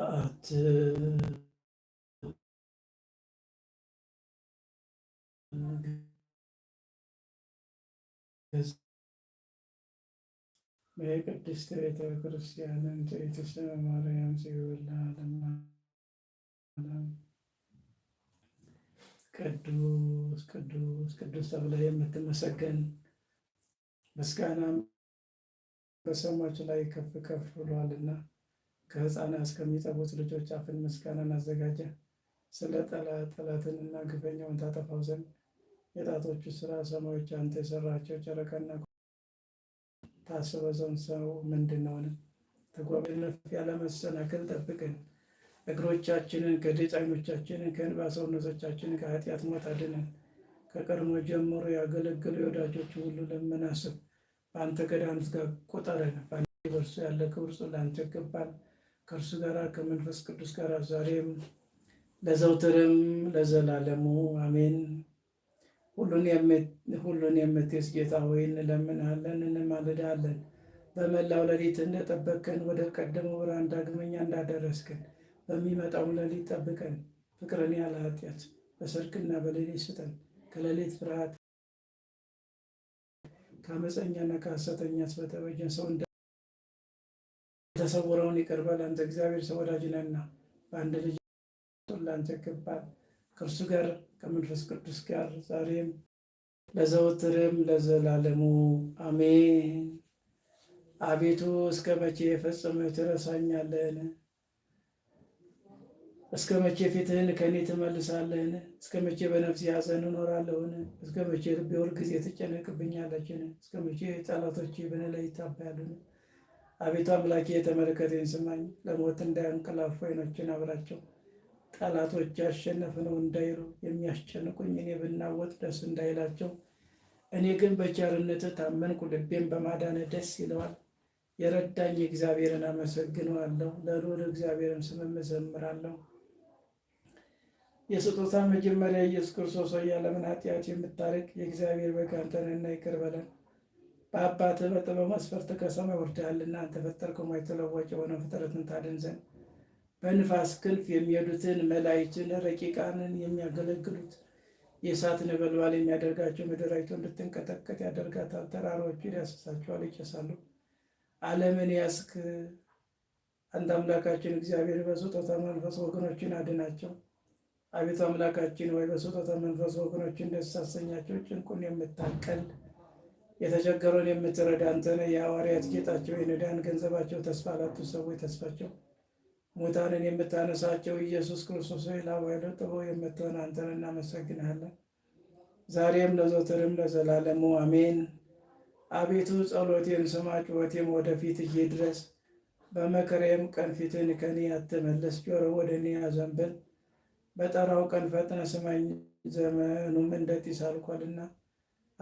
በአት በቅድስት ቤተ ክርስቲያን ትእይንተ ስመ ማርያም ሲውል ለዓለም ቅዱስ ቅዱስ ቅዱስ ተብላ የምትመሰገን ምስጋናም በሰማች ላይ ከፍ ከፍ ብሏልና ከህፃን እስከሚጠቡት ልጆች አፍን ምስጋናን አዘጋጀ። ስለ ጠላትንና ግፈኛውን ታጠፋው ዘንድ የጣቶቹ ስራ ሰማዮች አንተ የሰራቸው ጨረቀና ታስበዘውን ሰው ምንድን ነውን? ተጓቢነት ያለመሰናክል ጠብቅን። እግሮቻችንን ከዲጣይኖቻችንን ከእንባ ሰውነቶቻችንን ከኃጢአት ሞት አድነን። ከቀድሞ ጀምሮ ያገለግሉ የወዳጆች ሁሉ ለምናስብ በአንተ ጋር ቁጠረን። በአንድ በእርሱ ያለ ክብር ለአንተ ይገባል። ከእርሱ ጋር ከመንፈስ ቅዱስ ጋር ዛሬም ለዘውትርም ለዘላለሙ አሜን። ሁሉን የምትይዝ ጌታ ሆይ እንለምንሃለን፣ እንማልዳለን። በመላው ሌሊት እንደጠበቅከን ወደ ቀደመው ብርሃን ዳግመኛ እንዳደረስከን በሚመጣውም ሌሊት ጠብቀን፣ ፍቅርን ያለ ኃጢአት በሰርክና በሌሊት ስጠን፣ ከሌሊት ፍርሃት ከአመፀኛና ከሐሰተኛ በተበጀን ሰው የተሰወረውን ይቅር በል አንተ እግዚአብሔር ሰው ወዳጅ ነህና፣ በአንድ ልጅ ለአንተ ይገባል። ከእርሱ ጋር ከመንፈስ ቅዱስ ጋር ዛሬም ለዘውትርም ለዘላለሙ አሜን። አቤቱ እስከ መቼ ፈጽመህ ትረሳኛለህን? እስከ መቼ ፊትህን ከእኔ ትመልሳለህን? እስከ መቼ በነፍስ ሐዘን እኖራለሁን? እስከ መቼ ልቤ ሁልጊዜ ትጨነቅብኛለችን? እስከ መቼ ጠላቶቼ በእኔ ላይ ይታበያሉን? አቤቱ አምላኬ የተመለከተኝ ስማኝ። ለሞት እንዳያንቀላፉ አይኖችን አብራቸው። ጠላቶች ያሸነፍ ነው እንዳይሉ የሚያስጨንቁኝ እኔ ብናወጥ ደስ እንዳይላቸው። እኔ ግን በቸርነት ታመንኩ፣ ልቤም በማዳነ ደስ ይለዋል። የረዳኝ እግዚአብሔርን አመሰግነዋለሁ፣ ለልዑል እግዚአብሔርን ስም እዘምራለሁ። የስጦታ መጀመሪያ ኢየሱስ ክርስቶስ ሆይ የዓለምን ኃጢአት የምታርቅ የእግዚአብሔር በግ አንተ ነህና ይቅር በለን። በአባት በጥበብ መስፈርት ከሰማይ ወርደሃልና አንተ ፈጠርከው የማይተለወጥ የሆነ ፍጥረትን ታድን ዘንድ በንፋስ ክንፍ የሚሄዱትን መላይትን ረቂቃንን የሚያገለግሉት የእሳት ነበልባል የሚያደርጋቸው ምድራዊቱ እንድትንቀጠቀጥ ያደርጋታል። ተራሮችን ያስሳቸዋል፣ ይጨሳሉ። ዓለምን ያስክ አንተ አምላካችን እግዚአብሔር በስጦታ መንፈስ ወገኖችን አድናቸው። አቤቱ አምላካችን ወይ በስጦታ መንፈስ ወገኖችን ደስ አሰኛቸው። ጭንቁን የምታቀል የተቸገረውን የምትረዳ አንተነ የሐዋርያት ጌጣቸው የነዳን ገንዘባቸው ተስፋ ላጡ ሰዎች ተስፋቸው ሙታንን የምታነሳቸው ኢየሱስ ክርስቶስ ሆይ ላባይሎ ጥቦ የምትሆን አንተን እናመሰግንሃለን። ዛሬም ለዘወትርም ለዘላለሙ አሜን። አቤቱ ጸሎቴን ስማ፣ ጩኸቴም ወደፊት ድረስ። በመከራዬም ቀን ፊትን ከኔ አትመለስ፣ ጆሮ ወደ እኔ አዘንብል። በጠራው ቀን ፈጥነ ስማኝ፣ ዘመኑም እንደ ጢስ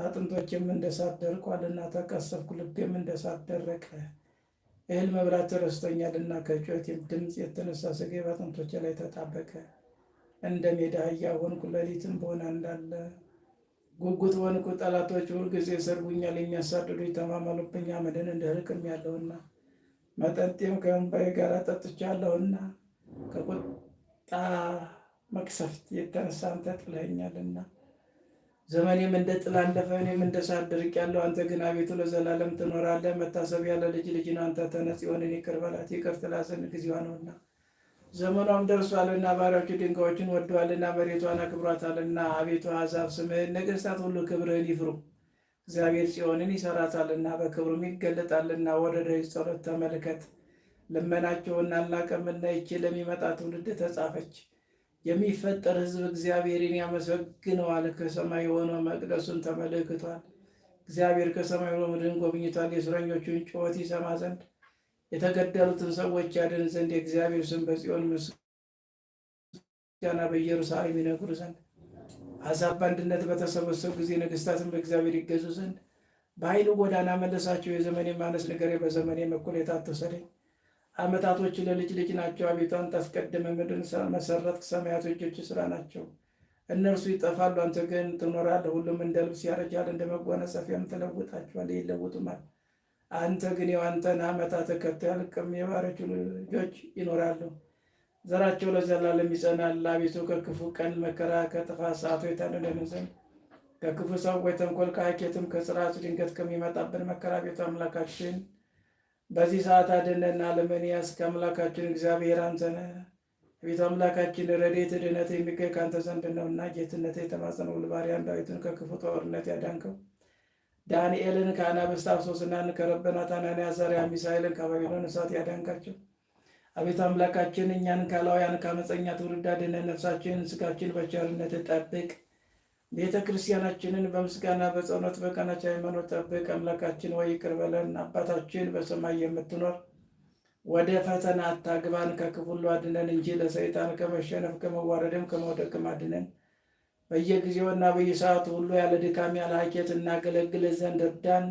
አጥንቶቼም እንደ ሳት ደርቋልና ተቀሰፍኩ፣ ልቤም እንደ ሳት ደረቀ። እህል መብላት ረስቶኛልና ከጩኸቴም ድምፅ የተነሳ ሥጋዬ በአጥንቶቼ ላይ ተጣበቀ። እንደ ሜዳ አህያ ሆንኩ፣ ሌሊትም በሆነ እንዳለ ጉጉት ሆንኩ። ጠላቶች ሁልጊዜ ይሰርቡኛል፣ የሚያሳድዱ ተማመሉብኝ። አመድን እንደ ርቅም ያለውና መጠጤም ከእንባዬ ጋር ጠጥቻለሁና ከቁጣ መቅሰፍት የተነሳ አንተ ጥለኸኛልና ዘመኔም እንደ ጥላ እንደ ፈኔም እንደ ሳር ድርቅ ያለው አንተ ግን አቤቱ ለዘላለም ትኖራለህ። መታሰቢያ ለልጅ ልጅ ነው። አንተ ተነስ ጽዮንን ይቅር በላት፣ ይቅር ትላሰን ጊዜዋ ነውና ዘመኗም ደርሷልና ባሪያዎቹ ድንጋዮችን ወደዋልና መሬቷን አክብሯታልና። አቤቱ አሕዛብ ስምህን፣ ነገሥታት ሁሉ ክብርህን ይፍሩ። እግዚአብሔር ጽዮንን ይሰራታልና በክብሩም ይገለጣልና። ወደ ዳዊት ጸሎት ተመልከት፣ ልመናቸውን አልናቀምና ይህች ለሚመጣ ትውልድ ተጻፈች። የሚፈጠር ህዝብ እግዚአብሔርን ያመሰግነዋል። ከሰማይ የሆነ መቅደሱን ተመልክቷል። እግዚአብሔር ከሰማይ ሆኖ ምድርን ጎብኝቷል። የእስረኞቹን ጩኸት ይሰማ ዘንድ የተገደሉትን ሰዎች ያድን ዘንድ የእግዚአብሔር ስም በጽዮን ምስጋና በኢየሩሳሌም ይነግሩ ዘንድ አሕዛብ በአንድነት በተሰበሰቡ ጊዜ ነገሥታትን በእግዚአብሔር ይገዙ ዘንድ በኃይሉ ጎዳና መለሳቸው። የዘመኔ ማነስ ንገሬ፣ በዘመኔ መኩሌታ አትውሰደኝ። ዓመታቶች ለልጅ ልጅ ናቸው። አቤቱ አንተ አስቀድመ ምድርን መሰረት ሰማያት እጆች ስራ ናቸው። እነርሱ ይጠፋሉ፣ አንተ ግን ትኖራለህ። ሁሉም እንደ ልብስ ያረጃል፣ እንደ መጎናጸፊያም ተለውጣቸዋል፣ ይለውጡማል። አንተ ግን የዋንተን ዓመታት ተከታይ አልቅም። የባረች ልጆች ይኖራሉ፣ ዘራቸው ለዘላለም ይጸናል። አቤቱ ከክፉ ቀን መከራ ከጥፋት ሰዓቱ የታደለን ዘንድ ከክፉ ሰው ወይ ተንኮል ከአኬትም ድንገት ከሚመጣብን መከራ ቤቱ አምላካችን በዚህ ሰዓት አድነና አለመንያስ ከአምላካችን እግዚአብሔር አንተነ ቤት አምላካችን ረድኤት ድነት የሚገኝ ከአንተ ዘንድ ነውና ጌትነት የተማጸነው ልባሪያን ዳዊትን ከክፉ ጦርነት ያዳንከው ዳንኤልን ከአናብስት አብሶስናን ከረበናት አናንያ አዛርያ ሚሳኤልን ከባቢሎን እሳት ያዳንካቸው አቤት አምላካችን እኛን ካላውያን ከአመፀኛ ትውልድ አድነን ነፍሳችን ስጋችን በቸርነት ጠብቅ ቤተ ክርስቲያናችንን በምስጋና በጸሎት በቀናች ሃይማኖት ጠብቅ። አምላካችን ወይ ይቅር በለን። አባታችን በሰማይ የምትኖር ወደ ፈተና አታግባን፣ ከክፉ ሁሉ አድነን እንጂ ለሰይጣን ከመሸነፍ ከመዋረድም ከመውደቅም አድነን። በየጊዜውና በየሰዓቱ ሁሉ ያለ ድካም ያለ ሀኬት እናገለግል ዘንድ እርዳን።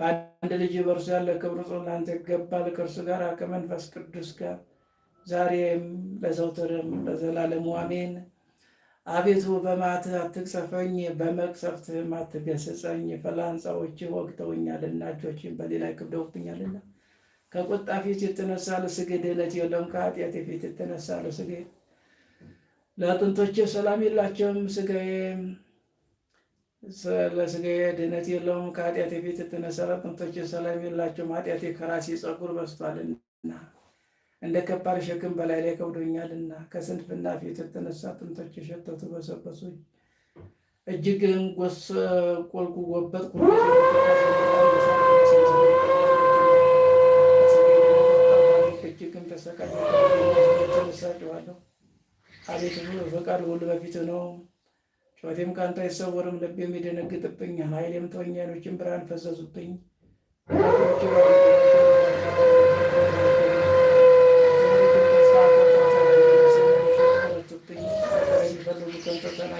በአንድ ልጅ በእርሱ ያለ ክብር ላንተ ይገባል። ከእርሱ ጋር ከመንፈስ ቅዱስ ጋር ዛሬም ለዘውትርም ለዘላለሙ አሜን። አቤቱ በመዓትህ አትቅሰፈኝ፣ በመቅሰፍትህም አትገስጸኝ። ፈላንፃዎች ወግተውኛልና እጆችም በእኔ ላይ ከብደውብኛልና ከቁጣ ፊት የተነሳ ለስግድ እለት የለውም። ከኃጢአቴ ፊት የተነሳ ለስግድ ለአጥንቶችህ ሰላም የላቸውም። ስጋዬም ለስጋዬ ድህነት የለውም። ከኃጢአቴ ፊት የተነሳ ለአጥንቶችህ ሰላም የላቸውም። ኃጢአቴ ከራሴ ጸጉር በስቷልና እንደ ከባድ ሸክም በላይ ላይ ከብዶኛልና ከስንፍና ፊት የተነሳ አጥንቶች የሸተቱ በሰበሱ እጅግን ጎስቆልኩ ጎበጥኩ። እጅግን ተሰቃይ ሳጭዋለሁ። አቤቱ ፈቃድ ሁሉ በፊት ነው። ጩኸቴም ከአንተ አይሰወርም። ልቤም ይደነግጥብኛል። ኃይሌም ተወኛኖችን ብርሃን ፈዘዙብኝ።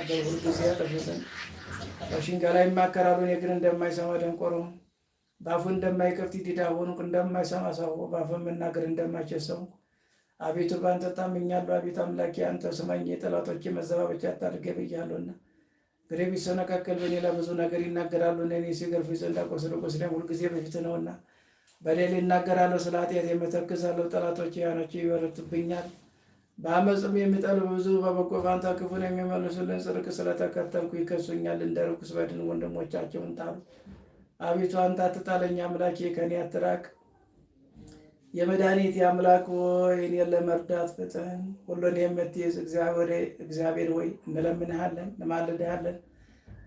ነበር ሁልጊዜ ያለፉትን። በሽንገ ላይ ይማከራሉ፣ እኔ ግን እንደማይሰማ ደንቆሮ፣ በአፉ እንደማይከፍት ዲዳ ሆንኩ፣ እንደማይሰማ ሰው፣ በአፉ መናገር እንደማይችል ሰው። አቤቱ በአንተ ታምኛለሁ፣ አቤቱ አምላኬ አንተ ስማኝ፣ የጠላቶቼ መዘባበቻ አታድርገኝ ብያለሁና። እንግዲህ ቢሰነካከል በእኔ ላይ ብዙ ነገር ይናገራሉ፣ እኔ ሲገርፉ ዘንድ ቁስል ቁስሌ ሁልጊዜ በፊት ነውና። በሌል ይናገራለሁ፣ ስለ ኃጢአት የመተክዛለሁ፣ ጠላቶቼ ያኖቼ ይወረቱብኛል። በአመፅም የሚጠሉ ብዙ በበጎ ፋንታ ክፉን የሚመልሱልን ጽድቅ ስለተከተልኩ ይከሱኛል። እንደ ርኩስ በድን ወንድሞቻቸውን ጣሉ። አቤቱ አንተ አትጣለኝ፣ አምላኬ ከኔ አትራቅ። የመድኃኒት የአምላክ ወይ እኔን ለመርዳት ፍጥን። ሁሉን የምትይዝ እግዚአብሔር ወይ እንለምንሃለን፣ እንማልድሃለን።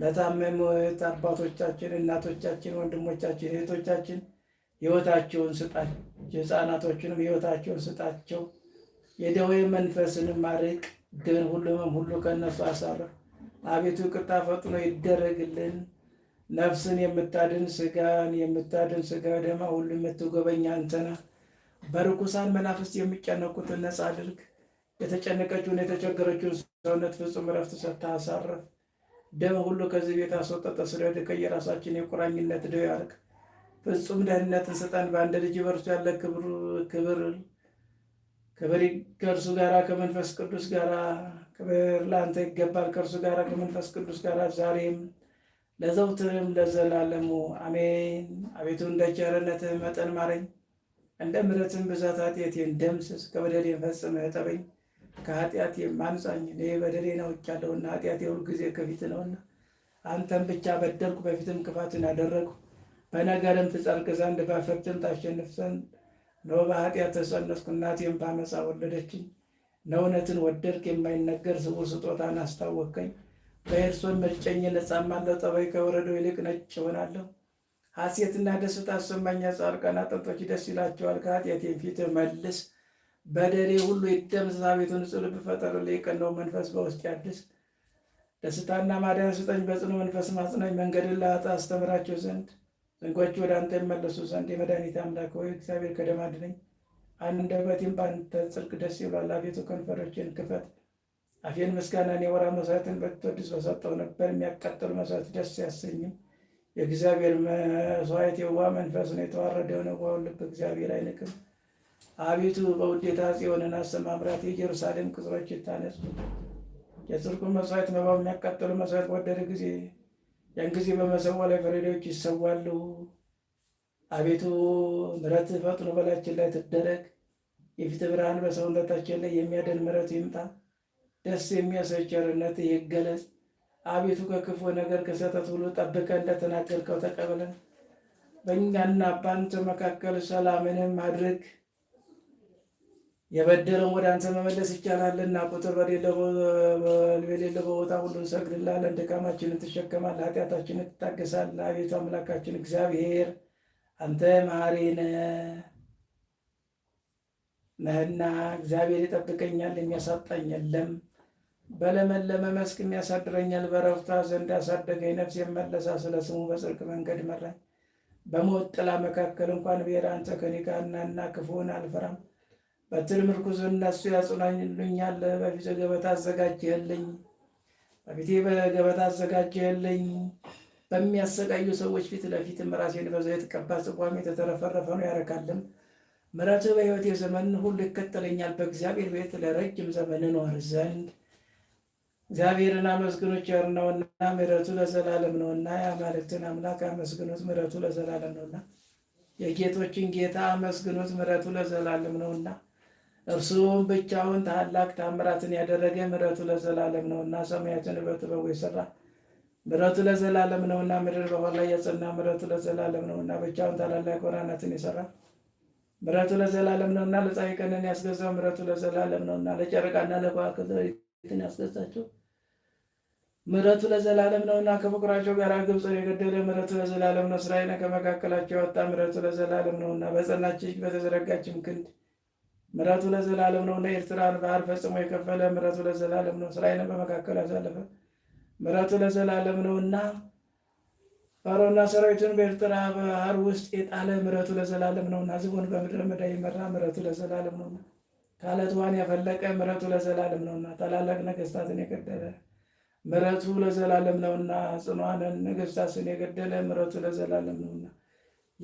ለታመሙት አባቶቻችን፣ እናቶቻችን፣ ወንድሞቻችን፣ እህቶቻችን ህይወታቸውን ስጣቸው። ህፃናቶችንም ህይወታቸውን ስጣቸው። የደዌ መንፈስንም አርቅ፣ ግን ሁሉም ሁሉ ከእነሱ አሳረፍ። አቤቱ ቅጣ ፈጥኖ ይደረግልን። ነፍስን የምታድን ስጋን የምታድን ስጋ ደማ ሁሉ የምትጎበኛ አንተና በርኩሳን መናፍስት የሚጨነቁትን ነፃ አድርግ። የተጨነቀችውን የተቸገረችውን ሰውነት ፍጹም ረፍት ሰጥተህ አሳረፍ። ደም ሁሉ ከዚህ ቤት አስወጠጠ ስለወደ ከየራሳችን የቁራኝነት ደው ያርቅ። ፍጹም ደህንነትን ስጠን። በአንድ ልጅ በርሱ ያለ ክብር ክብር ከእርሱ ጋር ከመንፈስ ቅዱስ ጋር ክብር ለአንተ ይገባል ከእርሱ ጋር ከመንፈስ ቅዱስ ጋር ዛሬም ለዘውትርም ለዘላለሙ አሜን። አቤቱ እንደ ቸርነትህ መጠን ማረኝ፣ እንደ ምሕረትህም ብዛት ኃጢአቴን ደምስስ፣ ከበደሌን ፈጽመህ እጠበኝ፣ ከኃጢአቴም አንጻኝ። እኔ በደሌን አውቄአለሁና ኃጢአቴ ሁልጊዜ ከፊት ነውና፣ አንተም ብቻ በደልኩ፣ በፊትም ክፋትን አደረግኩ። በነገርም ትጸርቅ ዘንድ በፍርድም ታሸንፍ ዘንድ ነው በኃጢአት ተጸነስኩ፣ እናቴም በአመፃ ወለደችኝ። ነውነትን ወደድክ፣ የማይነገር ስቡ ስጦታን አስታወከኝ። በኤርሶን መርጨኝ፣ ነጻማለሁ። ጠባይ ከወረደው ይልቅ ነጭ ሆናለሁ። ሐሴትና ደስታ አሰማኝ፣ ጻድቃን አጥንቶች ደስ ይላቸዋል። ከኃጢአቴን ፊት መልስ፣ በደሌ ሁሉ ይደምሰስ። ቤቱን ጽል ብፈጠሩ ሊቀነው መንፈስ በውስጥ ያድስ ደስታና ማዳን ስጠኝ፣ በጽኑ መንፈስ ማጽናኝ። መንገድን ላጣ አስተምራቸው ዘንድ ዝንጎች ወደ አንተ የመለሱ ዘንድ የመድኃኒት አምላክ ወይ እግዚአብሔር ከደም አድነኝ፣ አንደበቴም በአንተ ጽድቅ ደስ ይብሏል። አቤቱ ከንፈሮችን ክፈት፣ አፌን ምስጋናን የወራ መስዋዕትን ብትወድስ በሰጠው ነበር። የሚያቃጥሉ መሳት ደስ ያሰኝም። የእግዚአብሔር መስዋዕት የዋ መንፈስ ነው፣ የተዋረደውን የዋውን ልብ እግዚአብሔር አይንቅም። አቤቱ በውዴታ ጽዮንን አሰማምራት፣ የኢየሩሳሌም ቅጽሮች ይታነጹ። የጽድቁ መስዋዕት መባው የሚያቃጥሉ መስዋዕት በወደደ ጊዜ ያን ጊዜ በመሰዋ ላይ በሬዳዎች ይሰዋሉ። አቤቱ ምረት ፈጥኖ በላችን ላይ ትደረግ። የፊት ብርሃን በሰውነታችን ላይ የሚያደል ምረት ይምጣ። ደስ የሚያሰኝ ቸርነት ይገለጽ። አቤቱ ከክፉ ነገር ከሰጠት ሁሉ ጠብቀ እንደተናገርከው ተቀበለን። በእኛና በአንተ መካከል ሰላምንም አድርግ። የበደለውን ወደ አንተ መመለስ ይቻላልና ቁጥር በሌለ በቦታ ሁሉ እንሰግድላለን። ድካማችንን ትሸከማለህ፣ ኃጢአታችንን ትታገሳለህ። አቤቱ አምላካችን እግዚአብሔር አንተ ማሪነ ነህና እግዚአብሔር ይጠብቀኛል፣ የሚያሳጣኝ የለም። በለመለመ መስክ የሚያሳድረኛል፣ በረፍታ ዘንድ ያሳደገኝ ነፍስ የመለሳ ስለ ስሙ በጽድቅ መንገድ መራኝ። በሞት ጥላ መካከል እንኳን ብሔር አንተ ከኔ ጋር ነህና ክፉን አልፈራም። በትር ምርኩዝን እነሱ ያጽናኑኛል። በፊት ገበታ አዘጋጀህልኝ በፊቴ በገበታ አዘጋጀህልኝ። በሚያሰቃዩ ሰዎች ፊት ለፊት ራሴን በዘይት ቀባ፣ ጽዋም የተተረፈረፈ ነው ያረካልም። ምሕረትህ በሕይወቴ ዘመን ሁሉ ይከተለኛል። በእግዚአብሔር ቤት ለረጅም ዘመን እኖር ዘንድ እግዚአብሔርን አመስግኖች ቸር ነውና ምሕረቱ ለዘላለም ነውና። የአማልክትን አምላክ አመስግኖት ምሕረቱ ለዘላለም ነውና። የጌቶችን ጌታ አመስግኖት ምሕረቱ ለዘላለም ነውና። እርሱም ብቻውን ታላቅ ታምራትን ያደረገ ምረቱ ለዘላለም ነውና፣ ሰማያትን በጥበቡ የሰራ ምረቱ ለዘላለም ነውና፣ ምድር በውኃ ላይ ያጸና ምረቱ ለዘላለም ነውና፣ ብቻውን ታላላቅ ወራናትን የሰራ ምረቱ ለዘላለም ነውና፣ ለፀሐይ ቀንን ያስገዛው ምረቱ ለዘላለም ነውና፣ ለጨረቃና ለከዋክብትን ያስገዛቸው ምረቱ ለዘላለም ነውና፣ ከበኩራቸው ጋር ግብፅን የገደለ ምረቱ ለዘላለም ነው። እስራኤልን ከመካከላቸው ያወጣ ምረቱ ለዘላለም ነውና፣ በጸናች በተዘረጋችም ክንድ ምረቱ ለዘላለም ነው። ኤርትራን ባህር ፈጽሞ የከፈለ ምረቱ ለዘላለም ነው። እስራኤልን በመካከል ያሳለፈ ምረቱ ለዘላለም ነው እና ፈርዖንና ሰራዊቱን በኤርትራ ባህር ውስጥ የጣለ ምረቱ ለዘላለም ነው እና ሕዝቡን በምድረ በዳ የመራ ምረቱ ለዘላለም ነው እና ከአለትዋን ያፈለቀ ምረቱ ለዘላለም እና ታላላቅ ነገስታትን የገደለ ምረቱ ለዘላለም እና ጽኗንን ነገስታትን የገደለ ምረቱ ለዘላለም እና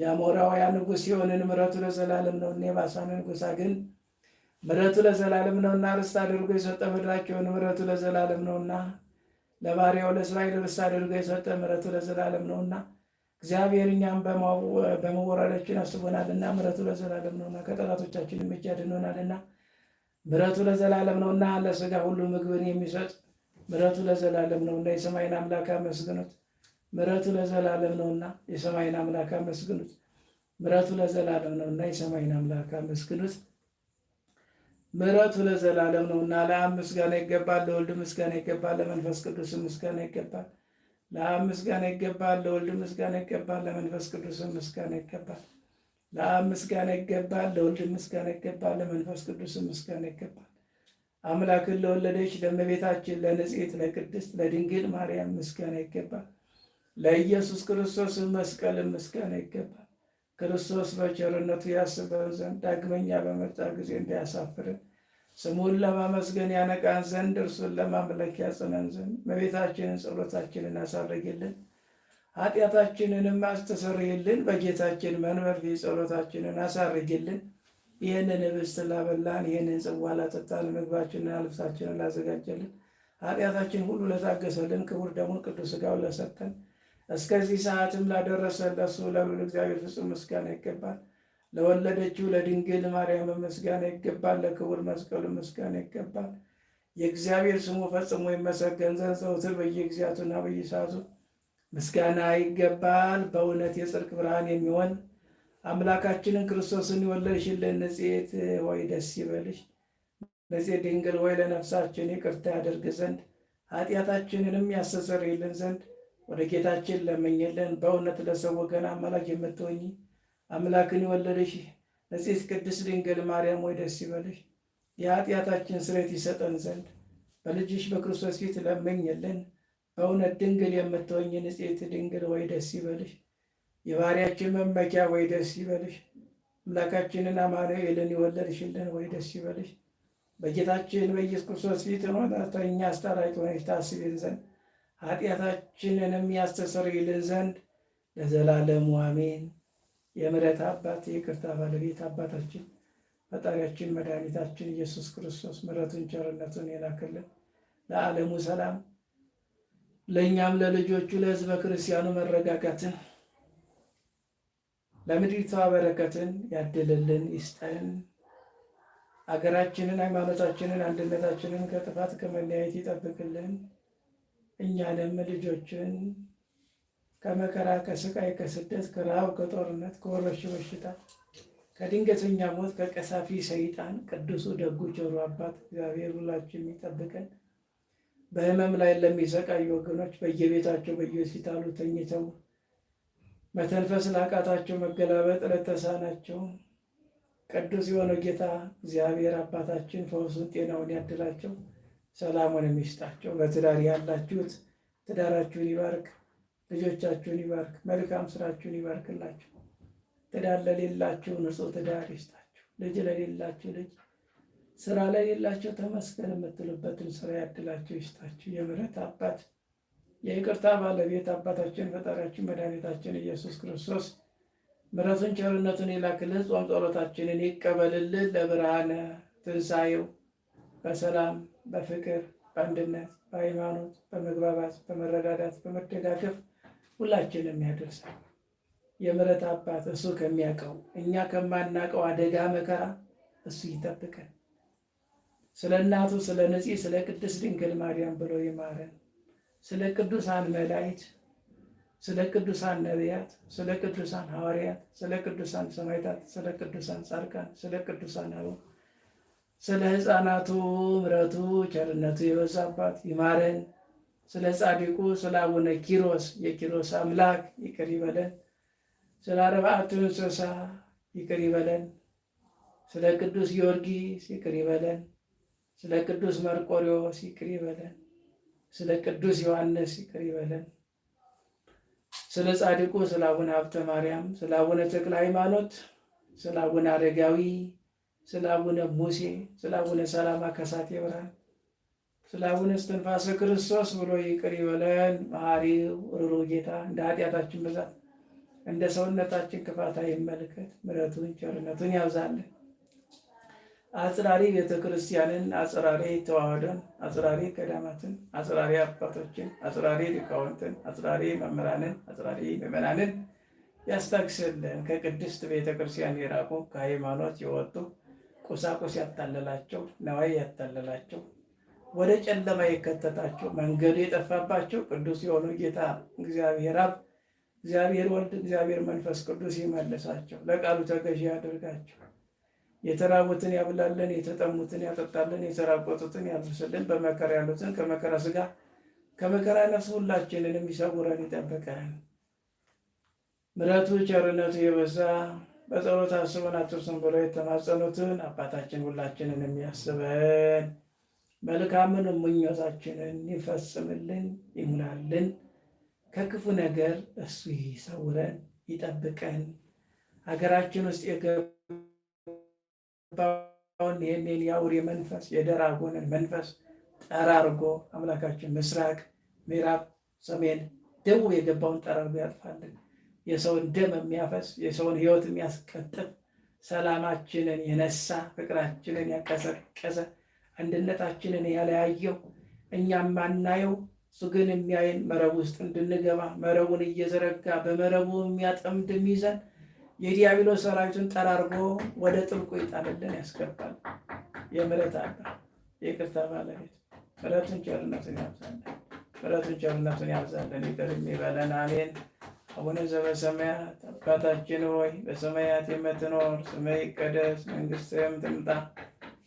የአሞራውያን ንጉሥ ሲሆንን ምረቱ ለዘላለም ነውና የባሳን ንጉሳ ግን ምረቱ ለዘላለም ነውና ርስት አድርጎ የሰጠ ምድራቸውን ምረቱ ለዘላለም ነውና ለባሪያው ለእስራኤል ርስት አድርጎ የሰጠ ምረቱ ለዘላለም ነውና እግዚአብሔር እኛም በመወረዳችን አስቦናልና ምረቱ ለዘላለም ነውና ከጠላቶቻችን እጅ አድኖናልና ምረቱ ለዘላለም ነውና ለስጋ ሁሉ ምግብን የሚሰጥ ምረቱ ለዘላለም ነውና የሰማይን አምላክ አመስግኑት። ምረቱ ለዘላለም ነውና የሰማይን አምላክ አመስግኑት። ምረቱ ለዘላለም ነውና የሰማይን አምላክ አመስግኑት። ምሕረቱ ለዘላለም ነው እና ለአብ ምስጋና ይገባል፣ ለወልድ ምስጋና ይገባል፣ ለመንፈስ ቅዱስ ምስጋና ይገባል። ለአብ ምስጋና ይገባል፣ ለወልድ ምስጋና ይገባል፣ ለመንፈስ ቅዱስ ምስጋና ይገባል። ለአብ ምስጋና ይገባል፣ ለወልድ ምስጋና ይገባል፣ ለመንፈስ ቅዱስ ምስጋና ይገባል። አምላክን ለወለደች ለእመቤታችን ለንጽሕት ለቅድስት ለድንግል ማርያም ምስጋና ይገባል። ለኢየሱስ ክርስቶስ መስቀል ምስጋና ይገባል። ክርስቶስ በቸርነቱ ያስበን ዘንድ ዳግመኛ በመጣ ጊዜ እንዳያሳፍርን ስሙን ለማመስገን ያነቃን ዘንድ እርሱን ለማምለክ ያጽነን ዘንድ መቤታችንን ጸሎታችንን አሳርግልን ኃጢአታችንንም አስተሰርይልን። በጌታችን መንበር ፊት ጸሎታችንን አሳርግልን። ይህንን ህብስት ላበላን፣ ይህንን ጽዋ ላጠጣን፣ ምግባችንና ልብሳችንን ላዘጋጀልን፣ ኃጢአታችን ሁሉ ለታገሰልን፣ ክቡር ደሙን ቅዱስ ሥጋውን ለሰጠን እስከዚህ ሰዓትም ላደረሰን ለሱ ለምን እግዚአብሔር ፍጹም ምስጋና ይገባል። ለወለደችው ለድንግል ማርያም ምስጋና ይገባል። ለክቡር መስቀሉ ምስጋና ይገባል። የእግዚአብሔር ስሙ ፈጽሞ ይመሰገን ዘንድ ዘውትር በየጊዜያቱና በየሰዓቱ ምስጋና ይገባል። በእውነት የጽድቅ ብርሃን የሚሆን አምላካችንን ክርስቶስን የወለድሽልን ንጽሕት ሆይ ደስ ይበልሽ። ንጽሕት ድንግል ሆይ ለነፍሳችን ይቅርታ ያደርግ ዘንድ ኃጢአታችንንም ያስተሰርይልን ዘንድ ወደ ጌታችን ለመኝልን በእውነት ለሰው ወገን አምላክ የምትሆኝ አምላክን የወለደሽ ንጽሕት ቅድስት ድንግል ማርያም ወይ ደስ ይበልሽ። የኃጢአታችን ስርየት ይሰጠን ዘንድ በልጅሽ በክርስቶስ ፊት ለመኝልን። በእውነት ድንግል የምትሆኝ ንጽሕት ድንግል ወይ ደስ ይበልሽ። የባሕርያችን መመኪያ ወይ ደስ ይበልሽ። አምላካችንን አማኑኤልን የወለድሽልን ወይ ደስ ይበልሽ። በጌታችን በኢየሱስ ክርስቶስ ፊት ሆነ ተኛ አስታራቂ ሆነች ታስቢን ዘንድ ኃጢአታችንንም ያስተሰርይልን ዘንድ ለዘላለሙ አሜን። የምሕረት አባት የይቅርታ ባለቤት አባታችን ፈጣሪያችን መድኃኒታችን ኢየሱስ ክርስቶስ ምሕረቱን ቸርነቱን የላክልን ለዓለሙ ሰላም ለእኛም ለልጆቹ ለሕዝበ ክርስቲያኑ መረጋጋትን ለምድሪቷ በረከትን ያድልልን ይስጠን። አገራችንን፣ ሃይማኖታችንን፣ አንድነታችንን ከጥፋት ከመለያየት ይጠብቅልን። እኛንም ልጆችን ከመከራ ከስቃይ ከስደት ከረሃብ ከጦርነት ከወረሽ በሽታ ከድንገተኛ ሞት ከቀሳፊ ሰይጣን ቅዱሱ ደጉ ቸሩ አባት እግዚአብሔር ሁላችን የሚጠብቀን በህመም ላይ ለሚሰቃዩ ወገኖች በየቤታቸው በየሆስፒታሉ ተኝተው መተንፈስ ላቃታቸው መገላበጥ ለተሳናቸው ቅዱስ የሆነው ጌታ እግዚአብሔር አባታችን ፈውሱን ጤናውን ያድላቸው። ሰላሙን የሚስጣቸው። በትዳር ያላችሁት ትዳራችሁን ይባርክ፣ ልጆቻችሁን ይባርክ፣ መልካም ስራችሁን ይባርክላችሁ። ትዳር ለሌላችሁ ንጹህ ትዳር ይስጣችሁ። ልጅ ለሌላችሁ ልጅ፣ ስራ ለሌላችሁ ተመስገን የምትሉበትን ስራ ያድላችሁ ይስጣችሁ። የምሕረት አባት የይቅርታ ባለቤት አባታችን ፈጣሪያችን መድኃኒታችን ኢየሱስ ክርስቶስ ምሕረቱን ቸርነቱን ይላክልን። ጾም ጸሎታችንን ይቀበልልን። ለብርሃነ ትንሣኤው በሰላም በፍቅር በአንድነት በሃይማኖት በመግባባት በመረዳዳት በመደጋገፍ ሁላችንም ያደርሳል። የምረት አባት እሱ ከሚያውቀው እኛ ከማናውቀው አደጋ መከራ እሱ ይጠብቀን። ስለ እናቱ ስለ ንጽሕት ስለ ቅድስት ድንግል ማርያም ብሎ ይማረን። ስለ ቅዱሳን መላእክት፣ ስለ ቅዱሳን ነቢያት፣ ስለ ቅዱሳን ሐዋርያት፣ ስለ ቅዱሳን ሰማዕታት፣ ስለ ቅዱሳን ጻድቃን፣ ስለ ቅዱሳን አበው ስለ ሕፃናቱ ምረቱ ቸርነቱ የበዛባት ይማረን። ስለ ጻድቁ ስለ አቡነ ኪሮስ የኪሮስ አምላክ ይቅር ይበለን። ስለ አርባዕቱ እንስሳ ይቅር ይበለን። ስለ ቅዱስ ጊዮርጊስ ይቅር ይበለን። ስለ ቅዱስ መርቆሪዎስ ይቅር ይበለን። ስለ ቅዱስ ዮሐንስ ይቅር ይበለን። ስለ ጻድቁ ስለ አቡነ ሀብተ ማርያም፣ ስለ አቡነ ተክለ ሃይማኖት፣ ስለ አቡነ አረጋዊ ስለ አቡነ ሙሴ፣ ስለ አቡነ ሰላማ ከሳቴ ብርሃን፣ ስለ አቡነ እስትንፋሰ ክርስቶስ ብሎ ይቅር ይበለን። መሐሪው ሩሩ ጌታ እንደ ኃጢአታችን ብዛት እንደ ሰውነታችን ክፋት አይመልከት፣ ምረቱን ቸርነቱን ያብዛልን። አጽራሪ ቤተ ክርስቲያንን፣ አጽራሪ ተዋህዶን፣ አጽራሪ ከዳማትን፣ አጽራሪ አባቶችን፣ አጽራሪ ሊቃውንትን፣ አጽራሪ መምህራንን፣ አጽራሪ ምዕመናንን ያስታግስልን። ከቅድስት ቤተ ክርስቲያን የራቁ ከሃይማኖት የወጡ ቁሳቁስ ያታለላቸው፣ ነዋይ ያታለላቸው፣ ወደ ጨለማ የከተታቸው፣ መንገዱ የጠፋባቸው ቅዱስ የሆኑ ጌታ እግዚአብሔር አብ፣ እግዚአብሔር ወልድ፣ እግዚአብሔር መንፈስ ቅዱስ ይመልሳቸው፣ ለቃሉ ተገዢ ያደርጋቸው። የተራቡትን ያብላልን፣ የተጠሙትን ያጠጣለን፣ የተራቆጡትን ያልብስልን፣ በመከራ ያሉትን ከመከራ ስጋ ከመከራ ነፍስ ሁላችንን የሚሰውረን ይጠብቀን። ምሕረቱ ቸርነቱ የበዛ በጸሎት አስበን አትርሱን ብለው የተማጸኑትን አባታችን ሁላችንን የሚያስበን መልካምን ምኞታችንን ይፈጽምልን ይሙላልን። ከክፉ ነገር እሱ ይሰውረን ይጠብቀን። ሀገራችን ውስጥ የገባውን ይህንን የአውሬ መንፈስ የደራጎንን መንፈስ ጠራርጎ አምላካችን ምስራቅ፣ ምዕራብ፣ ሰሜን፣ ደቡብ የገባውን ጠራርጎ ያጥፋልን። የሰውን ደም የሚያፈስ የሰውን ህይወት የሚያስቀጥፍ ሰላማችንን የነሳ ፍቅራችንን ያቀሰቀሰ አንድነታችንን ያለያየው እኛም ማናየው እሱ ግን የሚያይን መረብ ውስጥ እንድንገባ መረቡን እየዘረጋ በመረቡ የሚያጠምድ ሚዛን የዲያብሎስ ሰራዊቱን ጠራርጎ ወደ ጥልቁ ይጣልልን ያስገባል። የምሕረት አባት የይቅርታ ባለቤት ምሕረቱን ቸርነቱን ያብዛለን። ምሕረቱን ቸርነቱን ያብዛለን። ይቅር የሚበለን አሜን። አቡነ ዘበሰማያት አባታችን ሆይ በሰማያት የምትኖር ስምህ ይቀደስ፣ መንግስትህም ትምጣ፣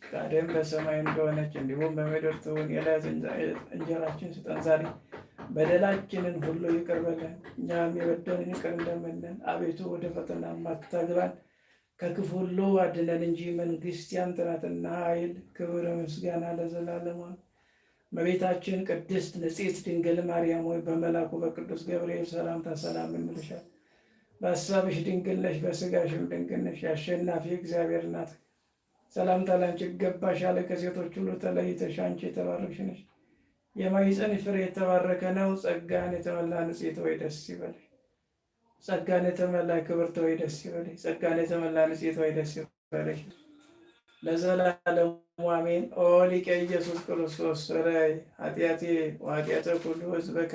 ፈቃድህም በሰማይ እንደሆነች እንዲሁም በምድር ትሁን። የዕለት እንጀራችንን ስጠን ዛሬ፣ በደላችንን ሁሉ ይቅር በለን እኛም የበደሉንን ይቅር እንደምንል፣ አቤቱ ወደ ፈተና አታግባን፣ ከክፉ ሁሉ አድነን እንጂ መንግስት ያንተ ናትና፣ ኃይል፣ ክብር፣ ምስጋና ለዘላለሙ እመቤታችን ቅድስት ንጽሕት ድንግል ማርያም ሆይ በመላኩ በቅዱስ ገብርኤል ሰላምታ ሰላም እንልሻል። በሀሳብሽ ድንግል ነሽ፣ በሥጋሽም ድንግል ነሽ። የአሸናፊ እግዚአብሔር እናት ሰላምታ ላንቺ ይገባሻል። ከሴቶች ሁሉ ተለይተሽ አንቺ የተባረክሽ ነሽ። የማኅፀንሽ ፍሬ የተባረከ ነው። ጸጋን የተመላ ንጽሕት ሆይ ደስ ይበል። ጸጋን የተመላ ክብርት ሆይ ደስ ይበል። ጸጋን የተመላ ንጽሕት ሆይ ደስ ይበለሽ። ለዘላለሙ አሜን። ኦ ሊቀ ኢየሱስ ክርስቶስ ስረይ ኃጢአቴ ወኃጢአተ ኩሉ ሕዝብ በከ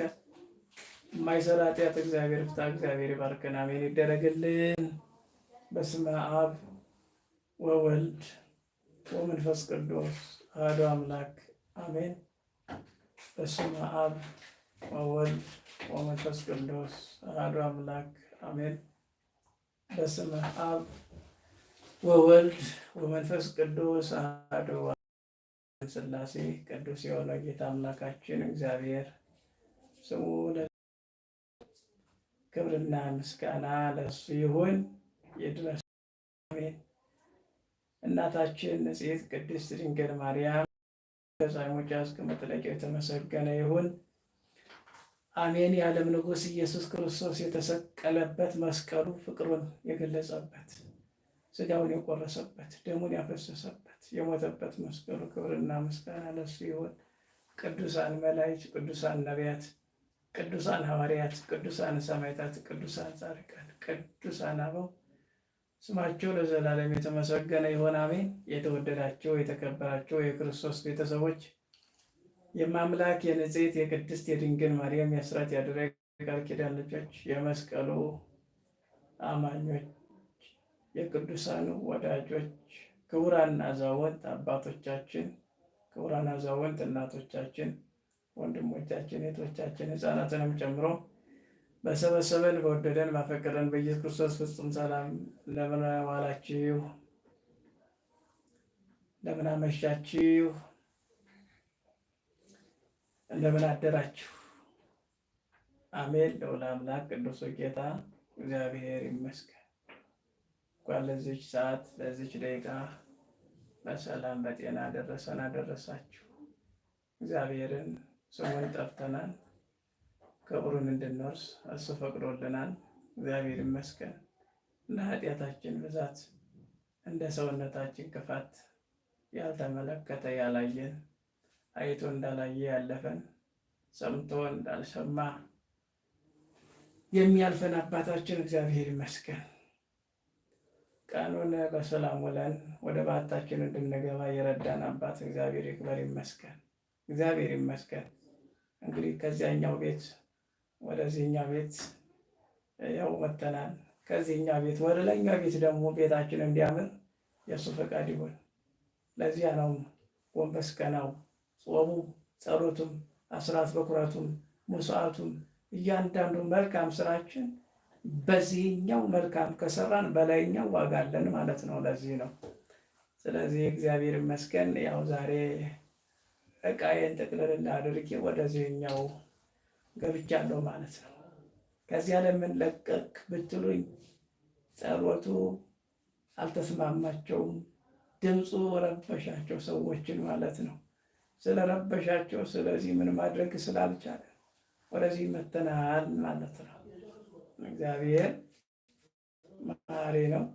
የማይሰራ ኃጢአት እግዚአብሔር ፍታ። እግዚአብሔር ይባርክን። አሜን ይደረግልን። በስመ አብ ወወልድ ወመንፈስ ቅዱስ አሐዱ አምላክ አሜን። በስመ አብ ወወልድ ወመንፈስ ቅዱስ አሐዱ አምላክ አሜን። በስመ አብ ወወልድ ወመንፈስ ቅዱስ አሐዱ ሥላሴ ቅዱስ የሆነ ጌታ አምላካችን እግዚአብሔር ስሙ ክብርና ምስጋና ለሱ ይሁን። የድረስ አሜን። እናታችን ንጽሕት ቅድስት ድንግል ማርያም ከፀሐይ መውጫ እስከ የተመሰገነ ይሁን። አሜን። የዓለም ንጉሥ ኢየሱስ ክርስቶስ የተሰቀለበት መስቀሉ ፍቅሩን የገለጸበት ስጋውን የቆረሰበት ደሙን ያፈሰሰበት የሞተበት መስቀሉ ክብርና ምስጋና ለሱ ይሁን። ቅዱሳን መላእክት፣ ቅዱሳን ነቢያት፣ ቅዱሳን ሐዋርያት፣ ቅዱሳን ሰማዕታት፣ ቅዱሳን ጻድቃን፣ ቅዱሳን አበው ስማቸው ለዘላለም የተመሰገነ ይሁን። አሜን። የተወደዳቸው የተከበራቸው የክርስቶስ ቤተሰቦች የማምላክ የንጽሕት የቅድስት የድንግል ማርያም የአስራት ያደረገ ቃል ኪዳን ልጆች የመስቀሉ አማኞች የቅዱሳኑ ወዳጆች ክቡራን አዛውንት አባቶቻችን፣ ክቡራን አዛውንት እናቶቻችን፣ ወንድሞቻችን፣ እህቶቻችን ህፃናትንም ጨምሮ በሰበሰበን በወደደን ባፈቀደን በኢየሱስ ክርስቶስ ፍጹም ሰላም እንደምን ዋላችሁ? እንደምን አመሻችሁ? እንደምን አደራችሁ? አሜን። ለውለ አምላክ ጌታ እግዚአብሔር ይመስገን። እንኳን ለዚች ሰዓት ለዚች ደቂቃ በሰላም በጤና ደረሰን አደረሳችሁ። እግዚአብሔርን ስሙን ጠፍተናል፣ ክብሩን እንድንወርስ እሱ ፈቅዶልናል። እግዚአብሔር ይመስገን። እንደ ኃጢአታችን ብዛት እንደ ሰውነታችን ክፋት ያልተመለከተ ያላየን አይቶ እንዳላየ ያለፈን ሰምቶ እንዳልሰማ የሚያልፈን አባታችን እግዚአብሔር ይመስገን። ቀኑን በሰላም ውለን ወደ በዓታችን እንድንገባ የረዳን አባት እግዚአብሔር ይክበር ይመስገን። እግዚአብሔር ይመስገን። እንግዲህ ከዚያኛው ቤት ወደዚህኛው ቤት ያው መተናል። ከዚህኛው ቤት ወደ ላይኛው ቤት ደግሞ ቤታችን እንዲያምር የእሱ ፈቃድ ይሆን። ለዚያ ነው ጎንበስ ቀናው፣ ጾሙ፣ ጸሎቱም፣ አስራት በኩራቱም፣ መስዋዕቱም እያንዳንዱ መልካም ስራችን በዚህኛው መልካም ከሰራን በላይኛው ዋጋ አለን ማለት ነው። ለዚህ ነው። ስለዚህ እግዚአብሔር ይመስገን። ያው ዛሬ እቃዬን ጥቅልል አድርጌ ወደዚህኛው ገብቻለሁ ማለት ነው። ከዚያ ለምን ለቀቅ ብትሉኝ ጸሎቱ አልተስማማቸውም። ድምፁ ረበሻቸው ሰዎችን ማለት ነው። ስለረበሻቸው ስለዚህ ምን ማድረግ ስላልቻለ ወደዚህ መተናል ማለት ነው። እግዚአብሔር መሐሪ ነው።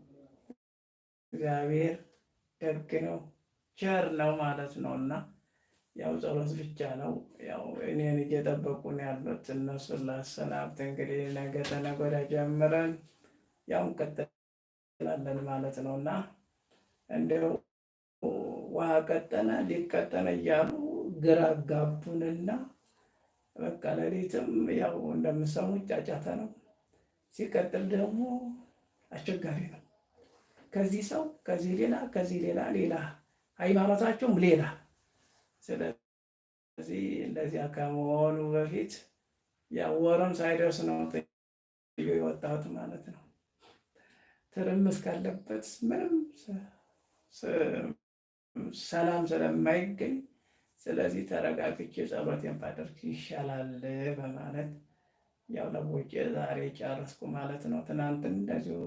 እግዚአብሔር ደግ ነው፣ ቸር ነው ማለት ነው። እና ያው ጸሎት ብቻ ነው። ያው እኔን እየጠበቁ ነው ያሉት እነሱን ላሰናብት። እንግዲህ ነገ ተነገ ወዲያ ጀምረን ያው እንቀጥላለን ማለት ነው እና እንደው ውሃ ቀጠነ ሊቀጠነ እያሉ ግራ ጋቡንና በቃ ሌሊትም ያው እንደምሰሙ ጫጫታ ነው። ሲቀጥል ደግሞ አስቸጋሪ ነው። ከዚህ ሰው ከዚህ ሌላ ከዚህ ሌላ ሌላ ሃይማኖታቸውም ሌላ። ስለዚህ እንደዚያ ከመሆኑ በፊት ያወረም ሳይደርስ ነው የወጣሁት ማለት ነው። ትርምስ ካለበት ምንም ሰላም ስለማይገኝ ስለዚህ ተረጋግቼ ጸሎቴን ባደርግ ይሻላል በማለት ያው ለቦቄ ዛሬ ጨረስኩ ማለት ነው። ትናንት እንደዚሁ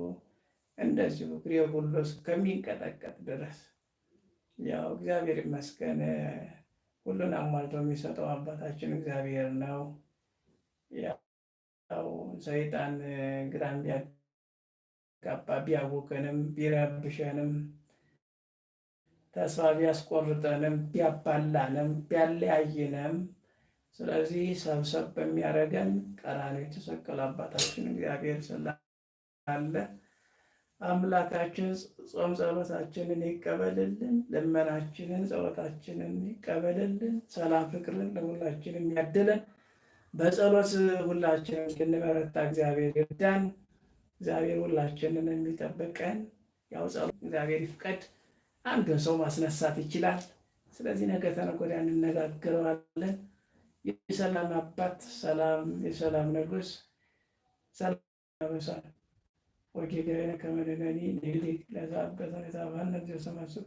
እንደዚሁ እግሬ ሁሉ እስከሚንቀጠቀጥ ድረስ ያው እግዚአብሔር ይመስገን ሁሉን አሟልቶ የሚሰጠው አባታችን እግዚአብሔር ነው። ያው ሰይጣን ግራም ቢያጋባ ቢያውከንም ቢረብሸንም ተስፋ ቢያስቆርጠንም ቢያባላንም ቢያለያይንም ስለዚህ ሰብሰብ በሚያደርገን ቀራንዮ የተሰቀለ አባታችን እግዚአብሔር ስላለ አምላካችን ጾም ጸሎታችንን ይቀበልልን፣ ልመናችንን ጸሎታችንን ይቀበልልን፣ ሰላም ፍቅርን ለሁላችን የሚያድለን በጸሎት ሁላችንን እንድንበረታ እግዚአብሔር ይርዳን። እግዚአብሔር ሁላችንን የሚጠብቀን ያው ጸሎት እግዚአብሔር ይፍቀድ። አንዱን ሰው ማስነሳት ይችላል። ስለዚህ ነገ ተነገ ወዲያ እንነጋግረዋለን። የሰላም አባት ሰላም የሰላም ንጉስ ሰላም ያበሳል ወጌታዬ ከመደገኒ ንግዲህ ለዛበት ሁኔታ ባነት ዘሰማስብ